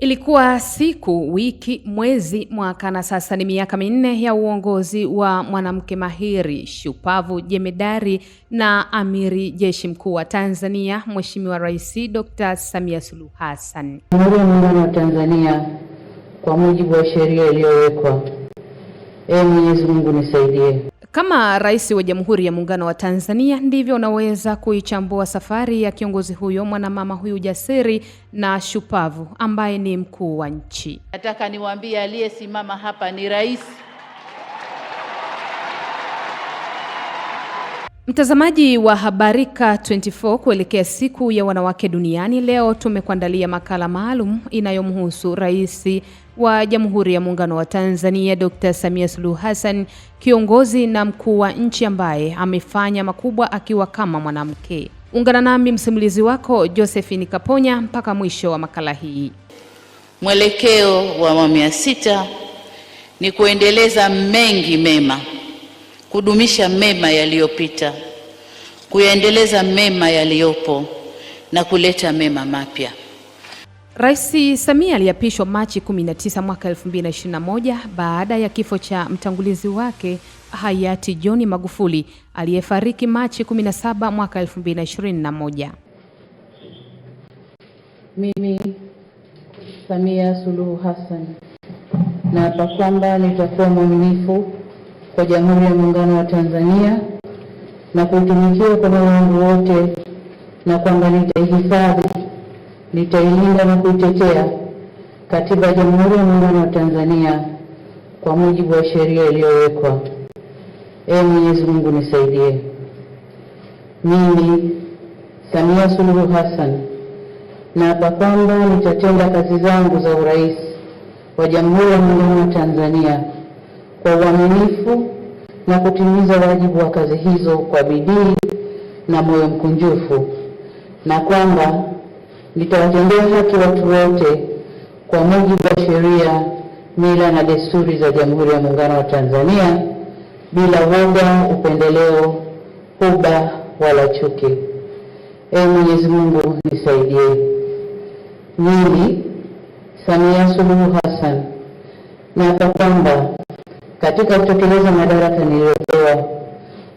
Ilikuwa siku, wiki, mwezi, mwaka na sasa ni miaka minne ya uongozi wa mwanamke mahiri, shupavu, jemedari na amiri jeshi mkuu wa Tanzania, Mheshimiwa Rais Dr. Samia Suluhu Hassan. Jamhuri ya Muungano wa Tanzania, kwa mujibu wa sheria iliyowekwa. Ee Mwenyezi Mungu nisaidie. Kama Rais wa Jamhuri ya Muungano wa Tanzania, ndivyo unaweza kuichambua safari ya kiongozi huyo, mwanamama huyu jasiri na shupavu ambaye ni mkuu wa nchi. Nataka niwaambie aliyesimama hapa ni rais. Mtazamaji wa Habarika 24 kuelekea siku ya wanawake duniani, leo tumekuandalia makala maalum inayomhusu Rais wa Jamhuri ya Muungano wa Tanzania Dr. Samia Suluhu Hassan, kiongozi na mkuu wa nchi ambaye amefanya makubwa akiwa kama mwanamke. Ungana nami msimulizi wako Josephine Kaponya mpaka mwisho wa makala hii. Mwelekeo wa awamu ya sita ni kuendeleza mengi mema, kudumisha mema yaliyopita, kuyaendeleza mema yaliyopo na kuleta mema mapya. Rais Samia aliapishwa Machi 19 mwaka 2021 baada ya kifo cha mtangulizi wake hayati John Magufuli aliyefariki Machi 17 mwaka 2021. Mimi Samia Suluhu Hassan naapa kwamba nitakuwa mwaminifu kwa Jamhuri ya Muungano wa Tanzania na kuitumikia kwa moyo wangu wote na kwamba nitaihifadhi nitailinda na kuitetea Katiba ya Jamhuri ya Muungano wa Tanzania kwa mujibu wa sheria iliyowekwa. Ee Mwenyezi Mungu nisaidie. Mimi Samia Suluhu Hassan naapa kwamba nitatenda kazi zangu za urais wa Jamhuri ya Muungano wa Tanzania kwa uaminifu na kutimiza wajibu wa kazi hizo kwa bidii na moyo mkunjufu na kwamba litawatendea haki watu wote kwa mujibu wa sheria, mila na desturi za Jamhuri ya Muungano wa Tanzania bila woga, upendeleo, huba wala chuki. Ee Mwenyezi Mungu nisaidie. Mimi Samia Suluhu Hassan naapa kwamba katika kutekeleza madaraka niliyopewa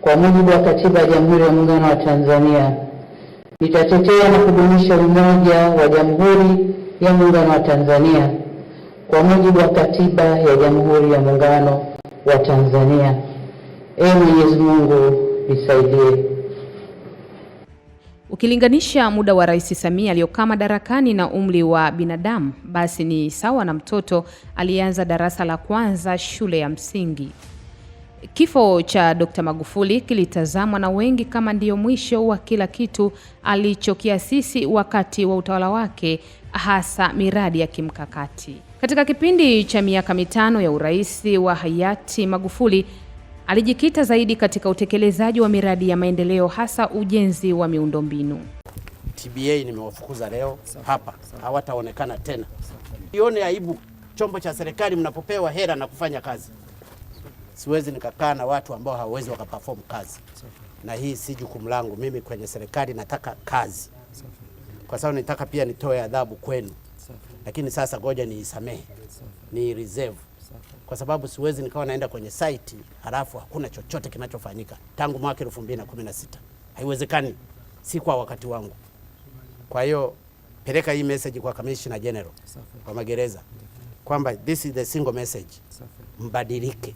kwa mujibu wa Katiba ya Jamhuri ya Muungano wa Tanzania Nitatetea na kudumisha umoja wa Jamhuri ya Muungano wa Tanzania kwa mujibu wa Katiba ya Jamhuri ya Muungano wa Tanzania. Ee Mwenyezi Mungu nisaidie. Ukilinganisha muda wa Rais Samia aliyokaa madarakani na umri wa binadamu, basi ni sawa na mtoto aliyeanza darasa la kwanza shule ya msingi. Kifo cha Dkt. Magufuli kilitazamwa na wengi kama ndiyo mwisho wa kila kitu alichokiasisi wakati wa utawala wake, hasa miradi ya kimkakati. Katika kipindi cha miaka mitano ya urais wa hayati Magufuli, alijikita zaidi katika utekelezaji wa miradi ya maendeleo, hasa ujenzi wa miundombinu. TBA nimewafukuza leo hapa, hawataonekana tena. Ione aibu chombo cha serikali mnapopewa hera na kufanya kazi siwezi nikakaa na watu ambao hawawezi wakaperform kazi, na hii si jukumu langu mimi. Kwenye serikali nataka kazi, kwa sababu nitaka pia nitoe adhabu kwenu, lakini sasa ngoja niisamehe, ni reserve kwa sababu siwezi nikawa naenda kwenye site halafu hakuna chochote kinachofanyika tangu mwaka 2016 haiwezekani, si kwa wakati wangu. Kwa hiyo peleka hii message kwa Commissioner General wa magereza kwamba this is the single message, mbadilike.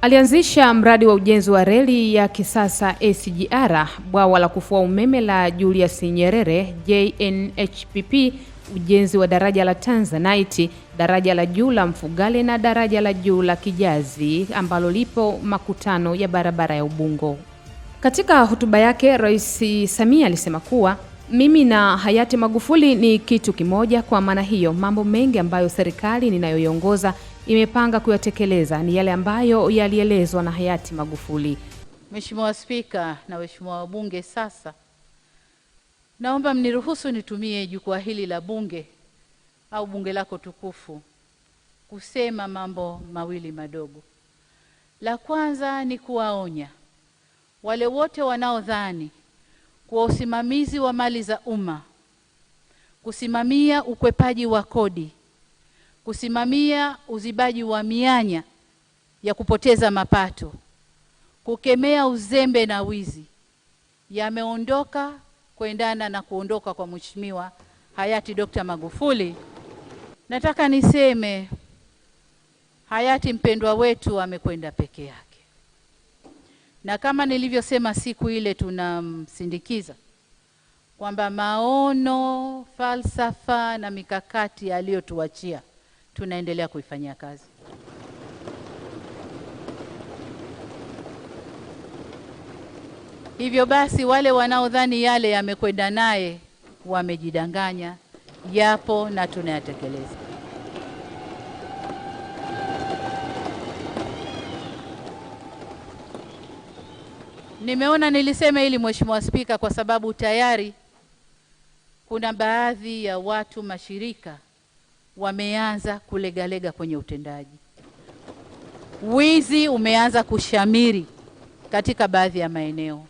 Alianzisha mradi wa ujenzi wa reli ya kisasa SGR, bwawa la kufua umeme la Julius Nyerere JNHPP, ujenzi wa daraja la Tanzanite, daraja la juu la Mfugale na daraja la juu la Kijazi ambalo lipo makutano ya barabara ya Ubungo. Katika hotuba yake, Rais Samia alisema kuwa mimi na hayati Magufuli ni kitu kimoja. Kwa maana hiyo, mambo mengi ambayo serikali ninayoiongoza imepanga kuyatekeleza ni yale ambayo yalielezwa na hayati Magufuli. Mheshimiwa Spika na waheshimiwa wabunge, sasa naomba mniruhusu nitumie jukwaa hili la bunge au bunge lako tukufu kusema mambo mawili madogo. La kwanza ni kuwaonya wale wote wanaodhani kuwa usimamizi wa mali za umma, kusimamia ukwepaji wa kodi kusimamia uzibaji wa mianya ya kupoteza mapato, kukemea uzembe na wizi yameondoka kuendana na kuondoka kwa Mheshimiwa hayati Dr. Magufuli. Nataka niseme hayati mpendwa wetu amekwenda peke yake, na kama nilivyosema siku ile tunamsindikiza kwamba maono, falsafa na mikakati aliyotuachia tunaendelea kuifanyia kazi. Hivyo basi, wale wanaodhani yale yamekwenda naye wamejidanganya, yapo na tunayatekeleza. Nimeona nilisema hili Mheshimiwa Spika, kwa sababu tayari kuna baadhi ya watu mashirika wameanza kulegalega kwenye utendaji. Wizi umeanza kushamiri katika baadhi ya maeneo,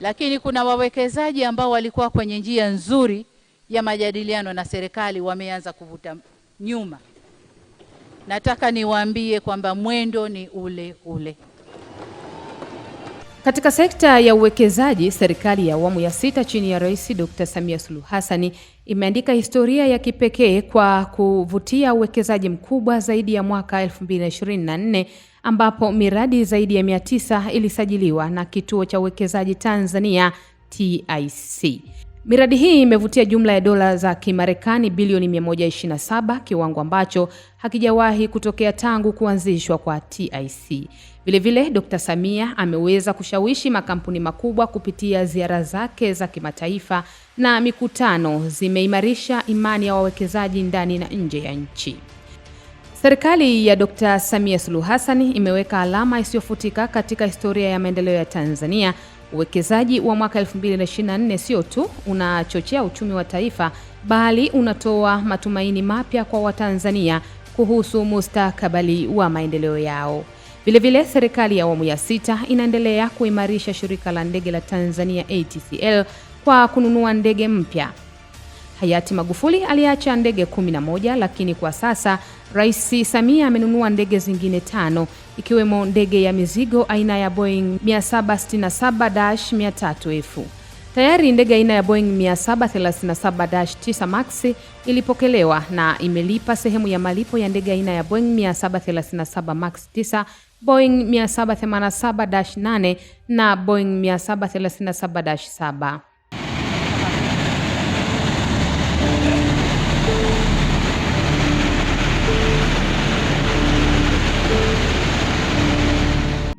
lakini kuna wawekezaji ambao walikuwa kwenye njia nzuri ya majadiliano na serikali wameanza kuvuta nyuma. Nataka niwaambie kwamba mwendo ni ule ule. Katika sekta ya uwekezaji, serikali ya awamu ya sita chini ya Rais Dr. Samia Suluhu Hassani imeandika historia ya kipekee kwa kuvutia uwekezaji mkubwa zaidi ya mwaka 2024 ambapo miradi zaidi ya 900 ilisajiliwa na Kituo cha Uwekezaji Tanzania TIC. Miradi hii imevutia jumla ya dola za Kimarekani bilioni 127, kiwango ambacho hakijawahi kutokea tangu kuanzishwa kwa TIC. Vilevile, Dr. Samia ameweza kushawishi makampuni makubwa kupitia ziara zake za kimataifa na mikutano zimeimarisha imani ya wawekezaji ndani na nje ya nchi. Serikali ya Dr. Samia Suluhu Hassan imeweka alama isiyofutika katika historia ya maendeleo ya Tanzania. Uwekezaji wa mwaka 2024 sio tu unachochea uchumi wa taifa bali unatoa matumaini mapya kwa Watanzania kuhusu mustakabali wa maendeleo yao. Vilevile, serikali ya awamu ya sita inaendelea kuimarisha shirika la ndege la Tanzania ATCL kwa kununua ndege mpya. Hayati Magufuli aliacha ndege 11 lakini kwa sasa Rais Samia amenunua ndege zingine tano ikiwemo ndege ya mizigo aina ya Boeing 767-300F. Tayari ndege aina ya Boeing 737-9 Max ilipokelewa na imelipa sehemu ya malipo ya ndege aina ya Boeing 737 Max 9 Boeing 787-8 na Boeing 737-7.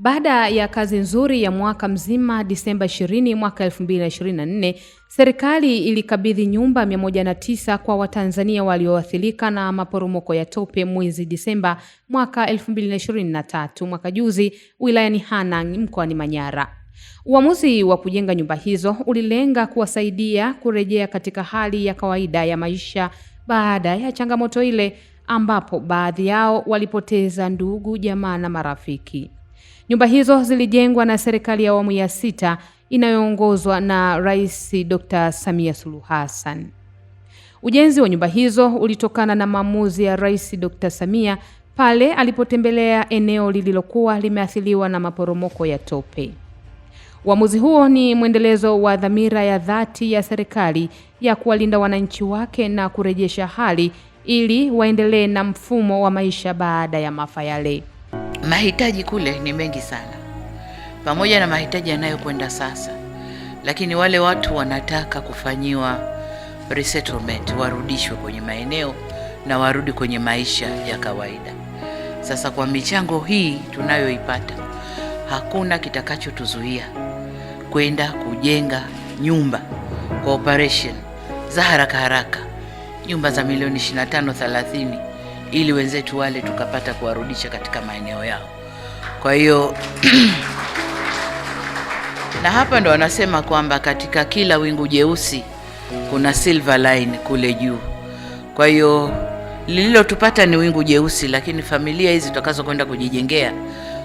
Baada ya kazi nzuri ya mwaka mzima, Disemba 20 mwaka 2024, serikali ilikabidhi nyumba 109 kwa Watanzania walioathirika na maporomoko ya tope mwezi Disemba mwaka 2023, mwaka juzi, wilayani Hanang mkoani Manyara. Uamuzi wa kujenga nyumba hizo ulilenga kuwasaidia kurejea katika hali ya kawaida ya maisha baada ya changamoto ile ambapo baadhi yao walipoteza ndugu, jamaa na marafiki. Nyumba hizo zilijengwa na serikali ya awamu ya sita inayoongozwa na Rais Dr. Samia Suluhu Hassan. Ujenzi wa nyumba hizo ulitokana na maamuzi ya Rais Dr. Samia pale alipotembelea eneo lililokuwa limeathiriwa na maporomoko ya tope. Uamuzi huo ni mwendelezo wa dhamira ya dhati ya serikali ya kuwalinda wananchi wake na kurejesha hali ili waendelee na mfumo wa maisha baada ya maafa yale. Mahitaji kule ni mengi sana, pamoja na mahitaji yanayokwenda sasa, lakini wale watu wanataka kufanyiwa resettlement, warudishwe kwenye maeneo na warudi kwenye maisha ya kawaida. Sasa kwa michango hii tunayoipata, hakuna kitakachotuzuia kwenda kujenga nyumba kwa operation za haraka haraka, nyumba za milioni 25 30 ili wenzetu wale tukapata kuwarudisha katika maeneo yao. Kwa hiyo na hapa ndo wanasema kwamba katika kila wingu jeusi kuna silver line kule juu. Kwa hiyo lililotupata ni wingu jeusi, lakini familia hizi tutakazokwenda kujijengea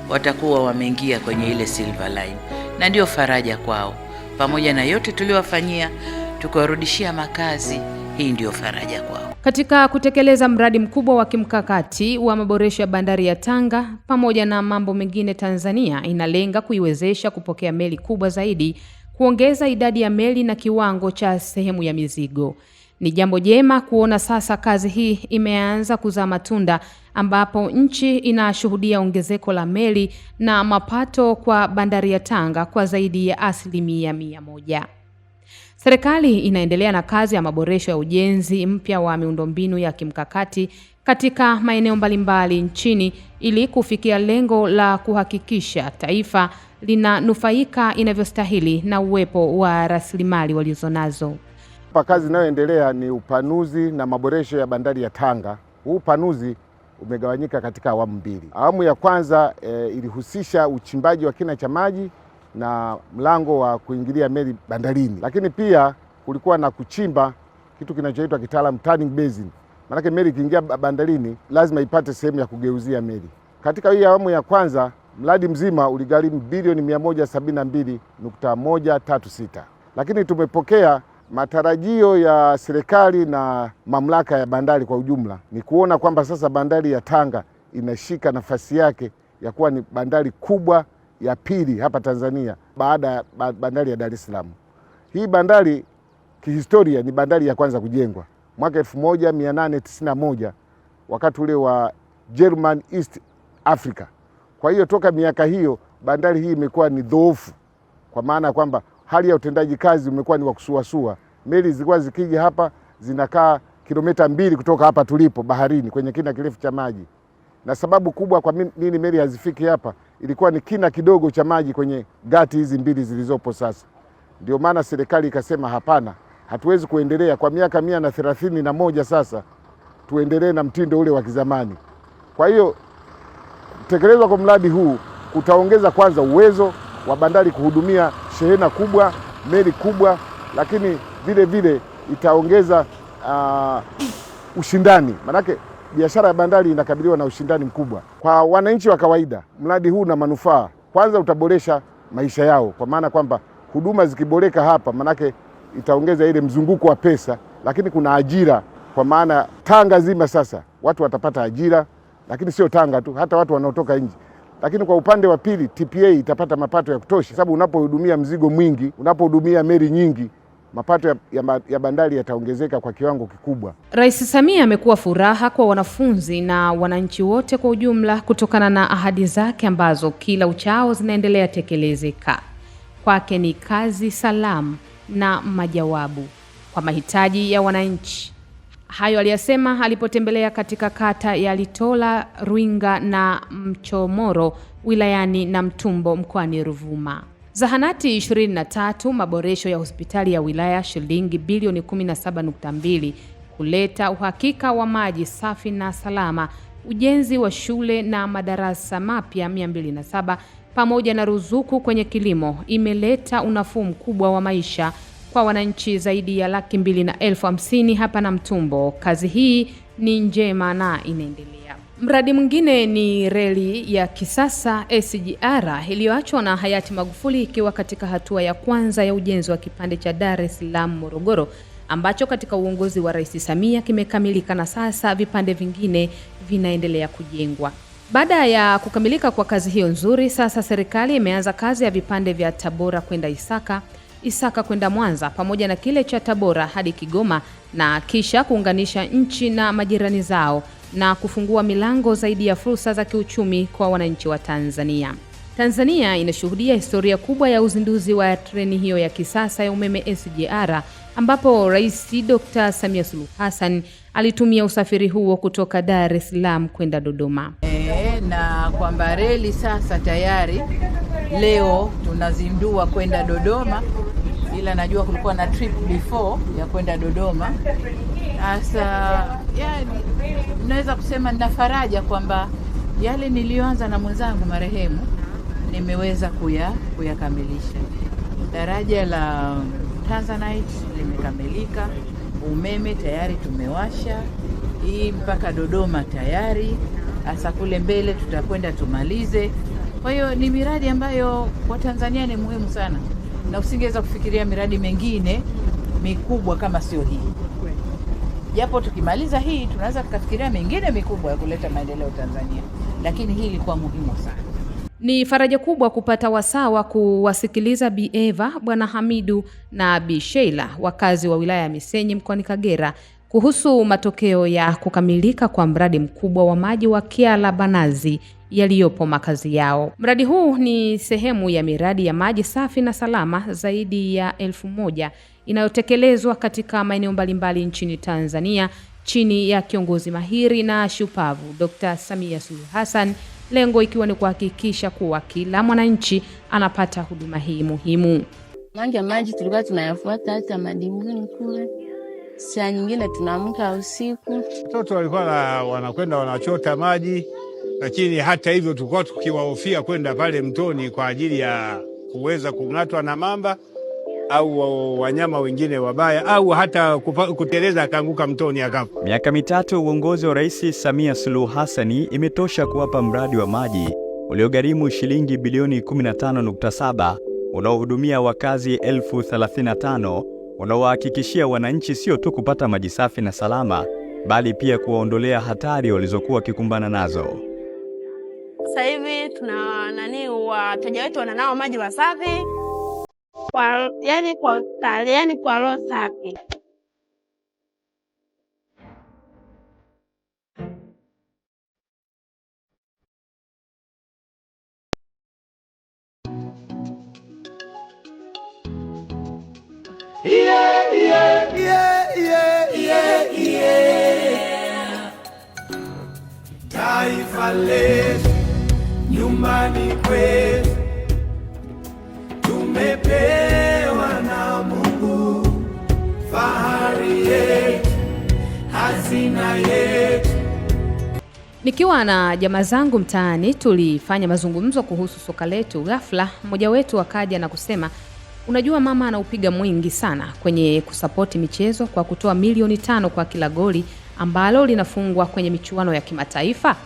watakuwa wameingia kwenye ile silver line, na ndiyo faraja kwao. Pamoja na yote tuliowafanyia, tukiwarudishia makazi, hii ndiyo faraja kwao. Katika kutekeleza mradi mkubwa wa kimkakati wa maboresho ya bandari ya Tanga pamoja na mambo mengine, Tanzania inalenga kuiwezesha kupokea meli kubwa zaidi, kuongeza idadi ya meli na kiwango cha sehemu ya mizigo. Ni jambo jema kuona sasa kazi hii imeanza kuzaa matunda ambapo nchi inashuhudia ongezeko la meli na mapato kwa bandari ya Tanga kwa zaidi ya asilimia mia moja. Serikali inaendelea na kazi ya maboresho ya ujenzi mpya wa miundombinu ya kimkakati katika maeneo mbalimbali nchini ili kufikia lengo la kuhakikisha taifa linanufaika inavyostahili na uwepo wa rasilimali walizonazo. Hapa kazi inayoendelea ni upanuzi na maboresho ya bandari ya Tanga. Huu upanuzi umegawanyika katika awamu mbili. Awamu ya kwanza e, ilihusisha uchimbaji wa kina cha maji na mlango wa kuingilia meli bandarini, lakini pia kulikuwa na kuchimba kitu kinachoitwa kitaalamu turning basin. Maanake meli ikiingia bandarini lazima ipate sehemu ya kugeuzia meli. Katika hii awamu ya kwanza mradi mzima uligharimu bilioni sita lakini tumepokea matarajio ya serikali na mamlaka ya bandari kwa ujumla ni kuona kwamba sasa bandari ya Tanga inashika nafasi yake ya kuwa ni bandari kubwa ya pili hapa Tanzania baada ya bandari ya Dar es Salaam. Hii bandari kihistoria ni bandari ya kwanza kujengwa mwaka 1891 wakati ule wa German East Africa. Kwa hiyo toka miaka hiyo bandari hii imekuwa ni dhoofu, kwa maana ya kwamba hali ya utendaji kazi umekuwa ni wa kusuasua. Meli zilikuwa zikija hapa zinakaa kilomita mbili kutoka hapa tulipo baharini kwenye kina kirefu cha maji na sababu kubwa kwa nini meli hazifiki hapa ilikuwa ni kina kidogo cha maji kwenye gati hizi mbili zilizopo sasa. Ndio maana serikali ikasema hapana, hatuwezi kuendelea kwa miaka mia na thelathini na moja sasa tuendelee na mtindo ule wa kizamani. Kwa hiyo kutekelezwa kwa mradi huu kutaongeza kwanza uwezo wa bandari kuhudumia shehena kubwa, meli kubwa, lakini vile vile itaongeza uh, ushindani manake biashara ya bandari inakabiliwa na ushindani mkubwa. Kwa wananchi wa kawaida, mradi huu una manufaa. Kwanza utaboresha maisha yao, kwa maana kwamba huduma zikiboreka hapa, manake itaongeza ile mzunguko wa pesa, lakini kuna ajira, kwa maana Tanga zima sasa watu watapata ajira, lakini sio Tanga tu, hata watu wanaotoka nje lakini kwa upande wa pili TPA itapata mapato ya kutosha, sababu unapohudumia mzigo mwingi, unapohudumia meli nyingi mapato ya, ya, ya bandari yataongezeka kwa kiwango kikubwa. Rais Samia amekuwa furaha kwa wanafunzi na wananchi wote kwa ujumla kutokana na ahadi zake ambazo kila uchao zinaendelea tekelezeka. Kwake ni kazi, salamu na majawabu kwa mahitaji ya wananchi. Hayo aliyasema alipotembelea katika kata ya Litola, Ruinga na Mchomoro wilayani Namtumbo mkoani Ruvuma. Zahanati 23, maboresho ya hospitali ya wilaya shilingi bilioni 17.2 kuleta uhakika wa maji safi na salama, ujenzi wa shule na madarasa mapya 207 pamoja na ruzuku kwenye kilimo imeleta unafuu mkubwa wa maisha kwa wananchi zaidi ya laki mbili na elfu hamsini hapa Namtumbo. Kazi hii ni njema na inaendelea. Mradi mwingine ni reli ya kisasa SGR iliyoachwa na hayati Magufuli ikiwa katika hatua ya kwanza ya ujenzi wa kipande cha Dar es Salaam Morogoro ambacho katika uongozi wa Rais Samia kimekamilika na sasa vipande vingine vinaendelea kujengwa. Baada ya kukamilika kwa kazi hiyo nzuri, sasa serikali imeanza kazi ya vipande vya Tabora kwenda Isaka Isaka kwenda Mwanza pamoja na kile cha Tabora hadi Kigoma na kisha kuunganisha nchi na majirani zao na kufungua milango zaidi ya fursa za kiuchumi kwa wananchi wa Tanzania. Tanzania inashuhudia historia kubwa ya uzinduzi wa treni hiyo ya kisasa ya umeme SGR ambapo Rais Dr. Samia Suluhu Hassan alitumia usafiri huo kutoka Dar es Salaam kwenda Dodoma. E, na kwamba reli sasa tayari leo unazindua kwenda Dodoma, ila najua kulikuwa na trip before ya kwenda Dodoma. Sasa naweza kusema nina faraja kwamba yale niliyoanza na mwenzangu marehemu nimeweza kuya kuyakamilisha. Daraja la Tanzanite limekamilika, umeme tayari tumewasha, hii mpaka Dodoma tayari. Hasa kule mbele tutakwenda tumalize. Kwa hiyo ni miradi ambayo kwa Tanzania ni muhimu sana, na usingeweza kufikiria miradi mengine mikubwa kama sio hii, japo tukimaliza hii tunaweza tukafikiria mengine mikubwa ya kuleta maendeleo Tanzania, lakini hii ilikuwa muhimu sana. Ni faraja kubwa kupata wasawa kuwasikiliza Bi Eva, Bwana Hamidu na Bi Sheila, wakazi wa wilaya ya Misenyi mkoani Kagera, kuhusu matokeo ya kukamilika kwa mradi mkubwa wa maji wa kiala Banazi yaliyopo makazi yao. Mradi huu ni sehemu ya miradi ya maji safi na salama zaidi ya elfu moja inayotekelezwa katika maeneo mbalimbali nchini Tanzania chini ya kiongozi mahiri na shupavu Dr. Samia Suluhu Hassan, lengo ikiwa ni kuhakikisha kuwa kila mwananchi anapata huduma hii muhimu. Mange maji tulikuwa tunayafuata hata madimbuni kule, saa nyingine tunaamka usiku, watoto walikuwa wanakwenda wanachota maji lakini hata hivyo tulikuwa tukiwahofia kwenda pale mtoni kwa ajili ya kuweza kung'atwa na mamba au wanyama wengine wabaya au hata kuteleza akaanguka mtoni akafa. Miaka mitatu ya uongozi wa Rais Samia Suluhu Hassani imetosha kuwapa mradi wa maji uliogharimu shilingi bilioni 15.7 unaohudumia wakazi elfu 35 unaowahakikishia wananchi sio tu kupata maji safi na salama, bali pia kuwaondolea hatari walizokuwa wakikumbana nazo. Sasa hivi tuna nani, wateja wetu wananao maji wasafi kwa, yani kwa ustari, yani kwa roho safi. Yeah, yeah, yeah, yeah, yeah, yeah. Taifa letu nyumbani kwetu tumepewa na Mungu, fahari yetu, hazina yetu. Nikiwa na jamaa zangu mtaani, tulifanya mazungumzo kuhusu soka letu. Ghafla mmoja wetu akaja na kusema, unajua mama anaupiga mwingi sana kwenye kusapoti michezo kwa kutoa milioni tano kwa kila goli ambalo linafungwa kwenye michuano ya kimataifa.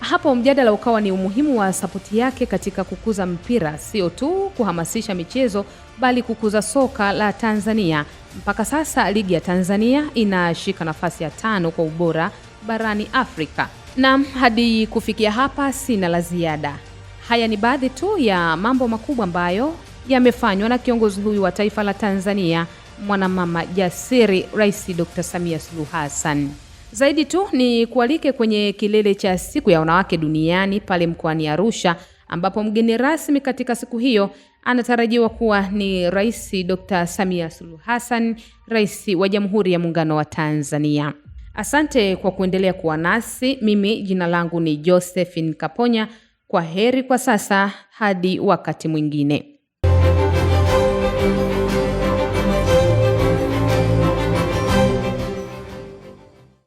Hapo mjadala ukawa ni umuhimu wa sapoti yake katika kukuza mpira, sio tu kuhamasisha michezo, bali kukuza soka la Tanzania. Mpaka sasa ligi ya Tanzania inashika nafasi ya tano kwa ubora barani Afrika. Naam, hadi kufikia hapa sina la ziada. Haya ni baadhi tu ya mambo makubwa ambayo yamefanywa na kiongozi huyu wa taifa la Tanzania, mwanamama jasiri, Rais Dr. Samia Suluhu Hassan. Zaidi tu ni kualike kwenye kilele cha siku ya wanawake duniani pale mkoani Arusha ambapo mgeni rasmi katika siku hiyo anatarajiwa kuwa ni Rais Dr. Samia Suluhu Hassan, Rais wa Jamhuri ya Muungano wa Tanzania. Asante kwa kuendelea kuwa nasi. Mimi jina langu ni Josephine Kaponya. Kwa heri kwa sasa hadi wakati mwingine.